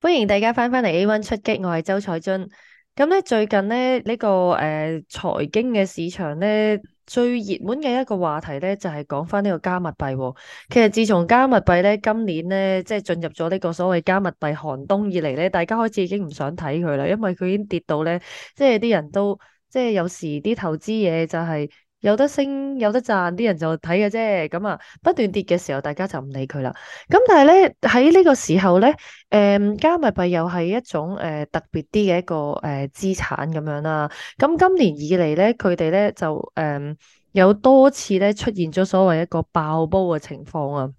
歡迎大家返返嚟 A One 出擊，我係周彩津。咁咧最近咧呢、這個誒、呃、財經嘅市場咧最熱門嘅一個話題咧就係講翻呢個加密幣。其實自從加密幣咧今年咧即係進入咗呢個所謂加密幣寒冬以嚟咧，大家開始已經唔想睇佢啦，因為佢已經跌到咧，即係啲人都即係有時啲投資嘢就係、是。有得升，有得賺，啲人就睇嘅啫。咁啊，不斷跌嘅時候，大家就唔理佢啦。咁但係咧喺呢個時候咧，誒、嗯、加密幣又係一種誒、呃、特別啲嘅一個誒資、呃、產咁樣啦、啊。咁今年以嚟咧，佢哋咧就誒、呃、有多次咧出現咗所謂一個爆煲嘅情況啊。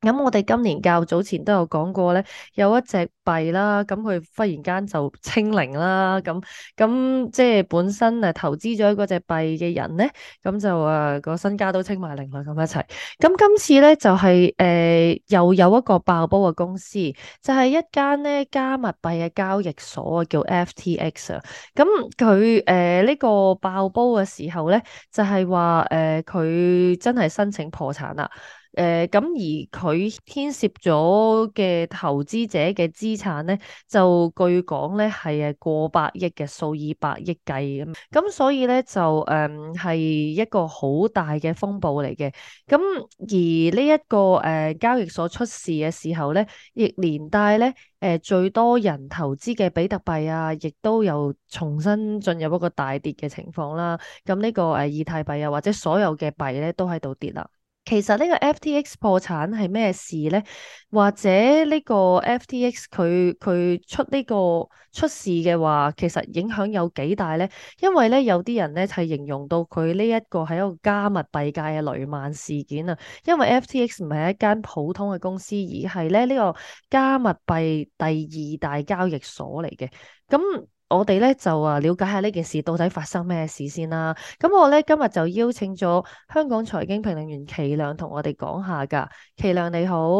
咁我哋今年較早前都有講過咧，有一隻幣啦，咁佢忽然間就清零啦，咁、嗯、咁、嗯、即係本身誒、啊、投資咗嗰隻幣嘅人咧，咁、嗯、就啊個身家都清埋零啦咁一齊。咁、嗯、今次咧就係、是、誒、呃、又有一個爆煲嘅公司，就係、是、一間咧加密幣嘅交易所啊，叫 FTX 啊、嗯。咁佢誒呢個爆煲嘅時候咧，就係話誒佢真係申請破產啦。誒，咁、呃、而佢牽涉咗嘅投資者嘅資產咧，就據講咧係誒過百億嘅數，以百億計咁。咁、嗯、所以咧就誒係、嗯、一個好大嘅風暴嚟嘅。咁、嗯、而呢、這、一個誒、呃、交易所出事嘅時候咧，亦連帶咧誒最多人投資嘅比特幣啊，亦都有重新進入一個大跌嘅情況啦。咁、嗯、呢、這個誒、呃、以太幣啊，或者所有嘅幣咧都喺度跌啦。其實呢個 FTX 破產係咩事咧？或者呢個 FTX 佢佢出呢個出事嘅話，其實影響有幾大咧？因為咧有啲人咧係形容到佢呢一個係一個加密幣界嘅雷曼事件啊！因為 FTX 唔係一間普通嘅公司，而係咧呢個加密幣第二大交易所嚟嘅，咁、嗯。我哋咧就啊了解下呢件事到底發生咩事先啦。咁我咧今日就邀請咗香港財經評論員祁亮同我哋講下噶。祁亮你好，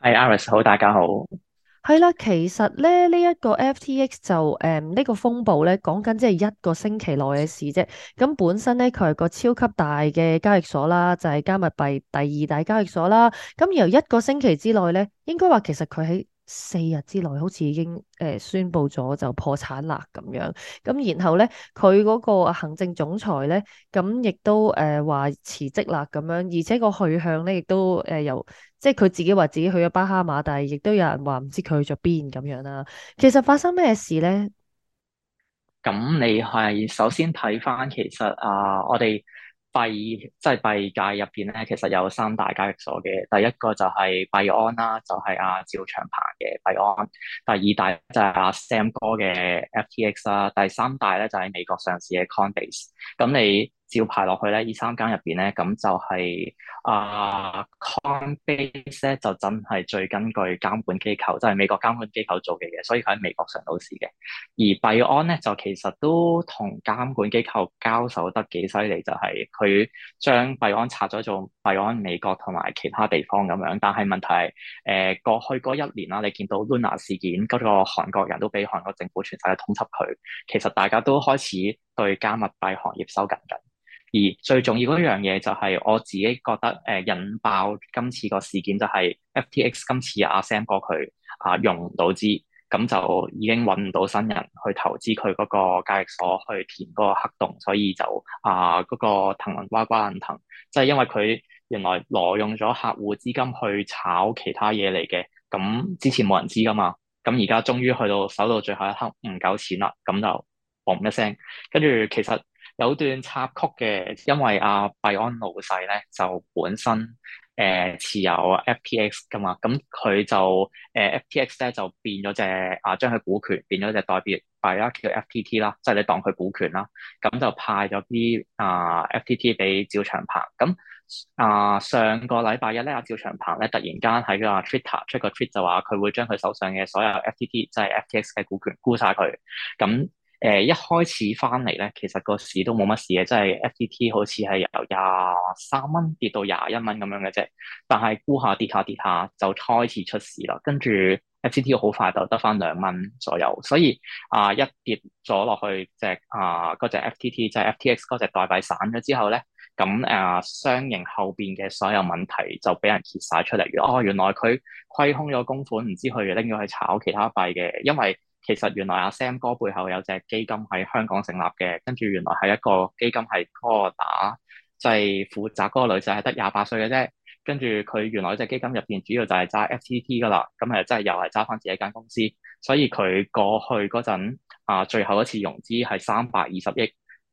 係、hey, Aris，好大家好。係啦，其實咧呢一、呢個 FTX 就誒呢、嗯呢個風暴咧，講緊即係一個星期內嘅事啫。咁本身咧佢係個超級大嘅交易所啦，就係、是、加密幣第二大交易所啦。咁由一個星期之內咧，應該話其實佢喺。四日之內，好似已經誒宣布咗就破產啦咁樣。咁然後咧，佢嗰個行政總裁咧，咁亦都誒話辭職啦咁樣。而且個去向咧，亦都誒由即係佢自己話自己去咗巴哈馬，但係亦都有人話唔知佢去咗邊咁樣啦。其實發生咩事咧？咁你係首先睇返，其實啊，我哋。幣即係、就是、幣界入邊咧，其實有三大交易所嘅。第一個就係幣安啦，就係、是、阿、啊、趙長鵬嘅幣安；第二大就係阿、啊、Sam 哥嘅 FTX 啦、啊；第三大咧就係、是、美國上市嘅 Coinbase。咁你，照排落去咧，依三間入邊咧，咁就係、是、啊、呃、，Coinbase 就真係最根據監管機構，即、就、係、是、美國監管機構做嘅嘢，所以佢喺美國上到市嘅。而幣安咧，就其實都同監管機構交手得幾犀利，就係佢將幣安拆咗做幣安美國同埋其他地方咁樣。但係問題係誒、呃、過去嗰一年啦，你見到 Luna 事件嗰、那個韓國人都俾韓國政府全世界通緝佢，其實大家都開始對加密幣行業收緊緊。而最重要嗰樣嘢就係我自己覺得，誒引爆今次個事件就係 FTX 今次阿 Sam 哥佢啊，過啊用唔到資，咁就已經揾唔到新人去投資佢嗰個交易所去填嗰個黑洞，所以就啊嗰、那個騰雲呱掛又騰，即、就、係、是、因為佢原來挪用咗客戶資金去炒其他嘢嚟嘅，咁之前冇人知噶嘛，咁而家終於去到守到最後一刻唔夠錢啦，咁就嘣一聲，跟住其實。有段插曲嘅，因為阿幣、啊、安老細咧就本身誒、呃、持有 FTX 噶嘛，咁佢就誒、呃、FTX 咧就變咗隻啊，將佢股權變咗隻代表幣啦叫 FTT 啦，即係你當佢股權啦，咁就派咗啲啊 FTT 俾趙長鵬。咁啊上個禮拜一咧，阿趙長鵬咧突然間喺個 Twitter 出個 tweet 就話佢會將佢手上嘅所有 FTT 即係 FTX 嘅股權沽晒佢，咁。誒、呃、一開始翻嚟咧，其實個市都冇乜事嘅，即係 FTT 好似係由廿三蚊跌到廿一蚊咁樣嘅啫。但係估下跌下跌下就開始出事啦，跟住 FTT 好快就得翻兩蚊左右。所以啊、呃，一跌咗落去隻啊隻 FTT 即係 FTX 嗰隻代幣散咗之後咧，咁誒相應後邊嘅所有問題就俾人揭晒出嚟。哦，原來佢虧空咗公款，唔知佢拎咗去炒其他幣嘅，因為。其實原來阿 Sam 哥背後有隻基金喺香港成立嘅，跟住原來係一個基金，係嗰個打，即、就、係、係、負責嗰個女仔係得廿八歲嘅啫，跟住佢原來隻基金入邊主要就係揸 FTT 噶啦，咁誒真係又係揸翻自己一間公司，所以佢過去嗰陣啊最後一次融資係三百二十億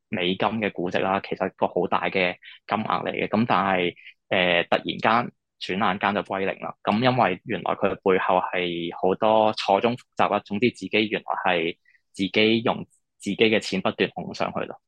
美金嘅估值啦，其實一個好大嘅金額嚟嘅，咁但係誒、呃、突然間。轉眼間就歸零啦，咁因為原來佢嘅背後係好多錯綜複雜啦，總之自己原來係自己用自己嘅錢不斷捧上去咯。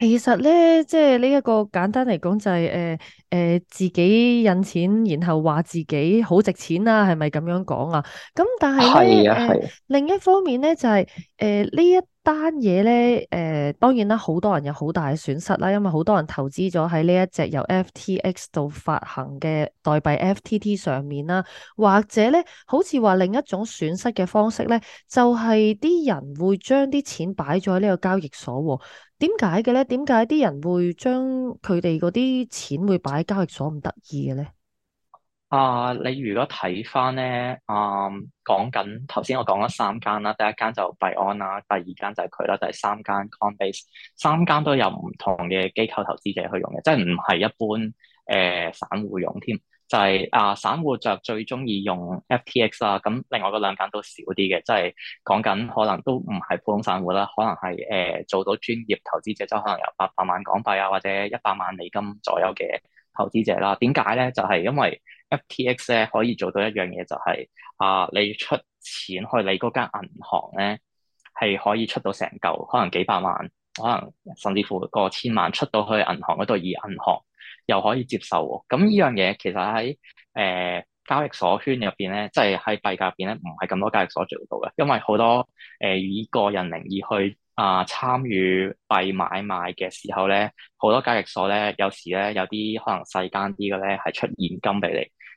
其實咧，即係呢一個簡單嚟講就係誒誒，自己引錢，然後話自己好值錢啊，係咪咁樣講啊？咁、啊、但係咧，另一方面咧就係誒呢一。單嘢咧，誒、呃、當然啦，好多人有好大嘅損失啦，因為好多人投資咗喺呢一隻由 FTX 度發行嘅代幣 FTT 上面啦，或者咧，好似話另一種損失嘅方式咧，就係、是、啲人會將啲錢擺咗喺呢個交易所喎。點解嘅咧？點解啲人會將佢哋嗰啲錢會擺喺交易所咁得意嘅咧？啊，uh, 你如果睇翻咧，嗯，講緊頭先，我講咗三間啦，第一間就幣安啦，第二間就係佢啦，第三間 Coinbase，三間都有唔同嘅機構投資者去用嘅，即係唔係一般誒、呃、散戶用添，就係、是、啊、呃，散戶就最中意用 FTX 啦，咁另外嗰兩間都少啲嘅，即係講緊可能都唔係普通散戶啦，可能係誒、呃、做到專業投資者就可能有八百萬港幣啊，或者一百萬美金左右嘅。投資者啦，點解咧？就係、是、因為 FTX 咧可以做到一樣嘢，就係、是、啊，你出錢去你嗰間銀行咧，係可以出到成嚿，可能幾百萬，可能甚至乎過千萬出到去銀行嗰度，以銀行又可以接受。咁呢樣嘢其實喺誒、呃、交易所圈入邊咧，即係喺幣價入邊咧，唔係咁多交易所做到嘅，因為好多誒、呃、以個人名義去。啊！參與幣買賣嘅時候咧，好多交易所咧，有時咧有啲可能細間啲嘅咧，係出現金俾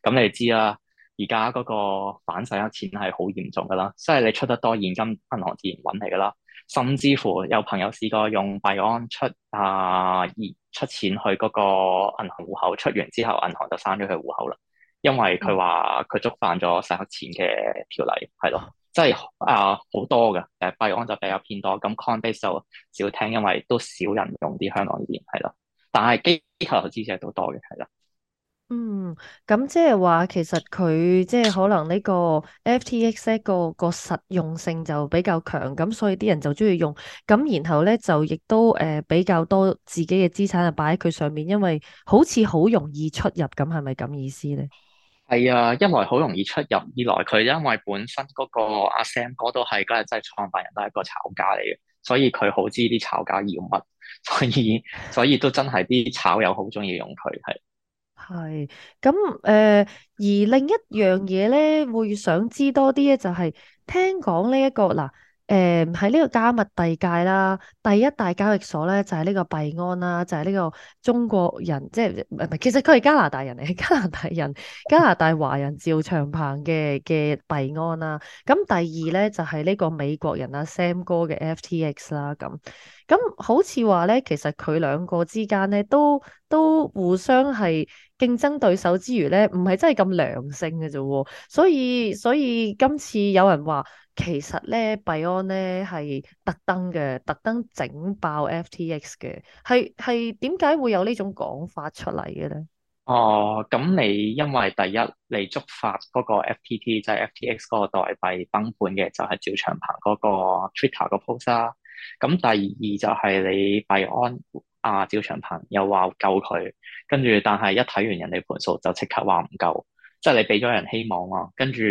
你。咁你知啦，而家嗰個反洗黑錢係好嚴重噶啦，即係你出得多現金，銀行自然揾你噶啦。甚至乎有朋友試過用幣安出啊，出錢去嗰個銀行戶口，出完之後銀行就刪咗佢戶口啦，因為佢話佢觸犯咗洗黑錢嘅條例，係咯。即係啊，好、呃、多嘅，誒幣安就比較偏多，咁 Coinbase 就少聽，因為都少人用啲香港呢邊，係咯。但係機構嘅知識都多嘅，係啦、嗯。嗯，咁即係話，其實佢即係可能呢個 FTX 個個實用性就比較強，咁所以啲人就中意用，咁然後咧就亦都誒、呃、比較多自己嘅資產就擺喺佢上面，因為好似好容易出入咁，係咪咁意思咧？係啊，一來好容易出入，二嚟佢，因為本身嗰個阿 Sam 哥都係嗰日真係創辦人都係一個炒家嚟嘅，所以佢好知啲炒家要乜，所以所以都真係啲炒友好中意用佢係。係，咁誒、呃，而另一樣嘢咧會想知多啲咧，就係、是、聽講呢一個嗱。誒，喺呢、嗯、個加密帝界啦，第一大交易所咧就係、是、呢個幣安啦，就係、是、呢個中國人，即係唔係其實佢係加拿大人嚟，加拿大人、加拿大華人趙長鵬嘅嘅幣安啦。咁第二咧就係、是、呢個美國人啊 Sam 哥嘅 FTX 啦。咁咁好似話咧，其實佢兩個之間咧都都互相係競爭對手之餘咧，唔係真係咁良性嘅啫。所以所以今次有人話。其實咧，幣安咧係特登嘅，特登整爆 FTX 嘅，係係點解會有呢種講法出嚟嘅咧？哦，咁你因為第一，你觸發嗰個 FTT，即係 FTX 嗰個代幣崩盤嘅，就係趙長鵬嗰個 Twitter 個 post 啦、啊。咁第二就係你幣安啊，趙長鵬又話救佢，跟住但係一睇完人哋盤數就即刻話唔夠，即係你俾咗人希望啊，跟住。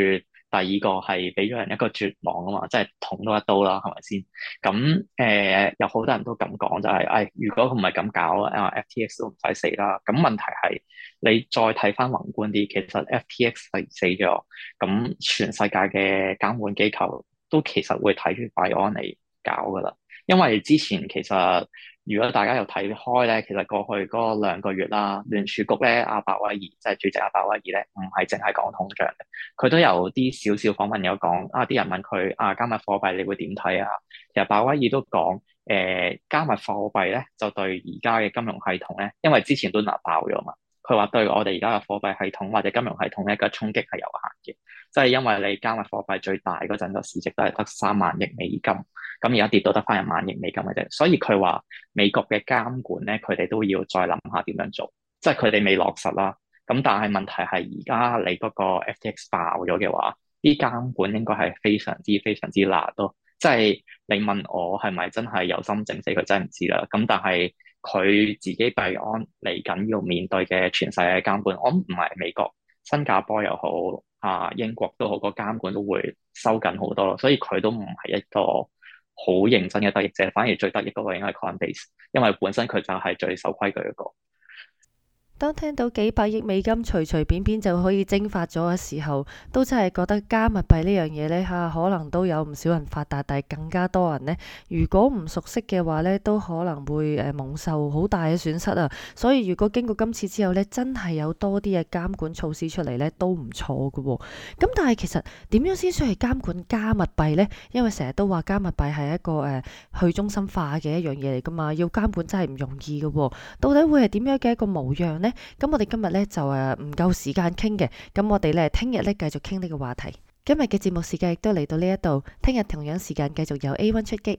第二個係俾咗人一個絕望啊嘛，即係捅多一刀啦，係咪先？咁誒、呃，有好多人都咁講，就係、是、誒、哎，如果佢唔係咁搞啊，FTX 都唔使死啦。咁問題係你再睇翻宏觀啲，其實 FTX 係死咗，咁全世界嘅監管機構都其實會睇住幣安你搞噶啦，因為之前其實如果大家有睇開咧，其實過去嗰兩個月啦，聯儲局咧阿白威爾即係主席阿白威爾咧，唔係淨係講通脹嘅，佢都有啲少少訪問有講啊。啲人問佢啊，加密貨幣你會點睇啊？其實白威爾都講誒、呃，加密貨幣咧，就對而家嘅金融系統咧，因為之前都難爆咗嘛。佢話對我哋而家嘅貨幣系統或者金融系統咧嘅衝擊係有限嘅，即、就、係、是、因為你加密貨幣最大嗰陣個市值都係得三萬億美金。咁而家跌到得翻一萬億美金嘅啫，所以佢話美國嘅監管咧，佢哋都要再諗下點樣做，即係佢哋未落實啦。咁但係問題係而家你嗰個 FTX 爆咗嘅話，啲監管應該係非常之非常之辣咯。即係你問我係咪真係有心整死佢，真係唔知啦。咁但係佢自己弊案嚟緊要面對嘅全世界監管，我唔係美國、新加坡又好啊，英國都好，個監管都會收緊好多咯。所以佢都唔係一個好認真嘅得益者，反而最得益個應該係 Coinbase，因為本身佢就係最守規矩一個。當聽到幾百億美金隨隨便便就可以蒸發咗嘅時候，都真係覺得加密幣呢樣嘢呢，吓、啊，可能都有唔少人發達，但係更加多人呢。如果唔熟悉嘅話呢，都可能會、呃、蒙受好大嘅損失啊！所以如果經過今次之後呢，真係有多啲嘅監管措施出嚟呢，都唔錯㗎、哦。咁但係其實點樣先算係監管加密幣呢？因為成日都話加密幣係一個誒、呃、去中心化嘅一樣嘢嚟噶嘛，要監管真係唔容易㗎、哦。到底會係點樣嘅一個模樣呢？咁我哋今日呢就誒唔夠時間傾嘅，咁我哋呢聽日呢繼續傾呢個話題。今日嘅節目時間亦都嚟到呢一度，聽日同樣時間繼續由 A one 出擊。